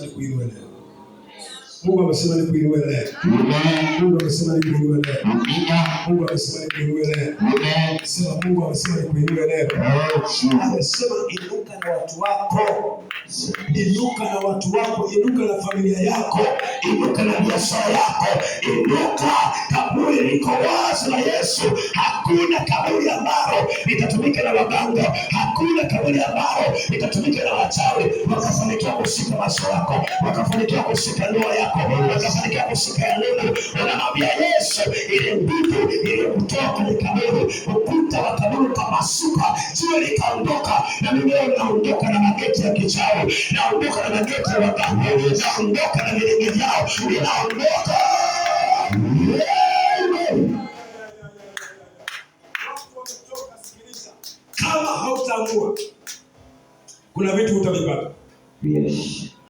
Nikuinue leo. Mungu amesema nikuinue leo. Mungu amesema nikuinue leo. Mungu amesema nikuinue leo. Sema Mungu amesema nikuinue leo. Amesema inuka na watu wako. Inuka na watu wako, inuka na familia yako, inuka na biashara yako, inuka liko wazi la Yesu. Hakuna kaburi ambalo litatumika na waganga, hakuna kaburi ambalo litatumika na wachawi wakafanikiwa kushika macho yako, wakafanikiwa kushika ndoa yako, wakafanikiwa kushika elimu. Unamwambia Yesu, ile nguvu iliyokutoa kwenye kaburi, ukuta wa kaburi ukapasuka, jiwe likaondoka, na mimi leo naondoka na mageti ya kichawi, naondoka na mageti ya waganga, naondoka na vilingi vyao, ninaondoka Kama hautaamua kuna vitu utavipata. Yes.